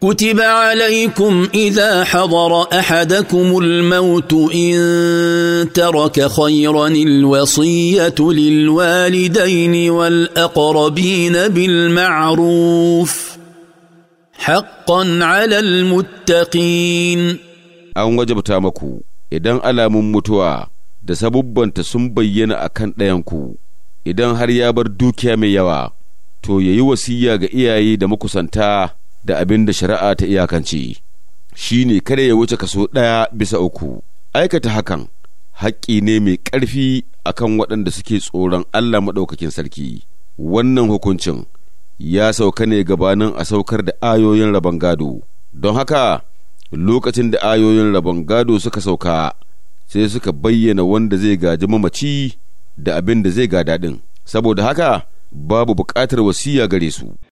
كتب عليكم اذا حضر احدكم الموت ان ترك خيرا الوصيه للوالدين والاقربين بالمعروف حقا على المتقين an wajabta maku idan alamun mutuwa da sabubbanta sun bayyana a kan ɗayanku idan har ya bar dukiya mai yawa to ya yi wasiya ga iyaye da makusanta da abin da shari'a ta iyakance shi ne kada ya wuce kaso ɗaya bisa uku aikata hakan haƙƙi ne mai ƙarfi a kan waɗanda suke tsoron Allah maɗaukakin sarki wannan hukuncin ya sauka ne gabanin a saukar da ayoyin rabon gado don haka lokacin da ayoyin rabon gado suka sauka sai suka bayyana wanda zai gaji mamaci da abin da zai ga daɗin saboda haka babu buƙatar wasiya gare su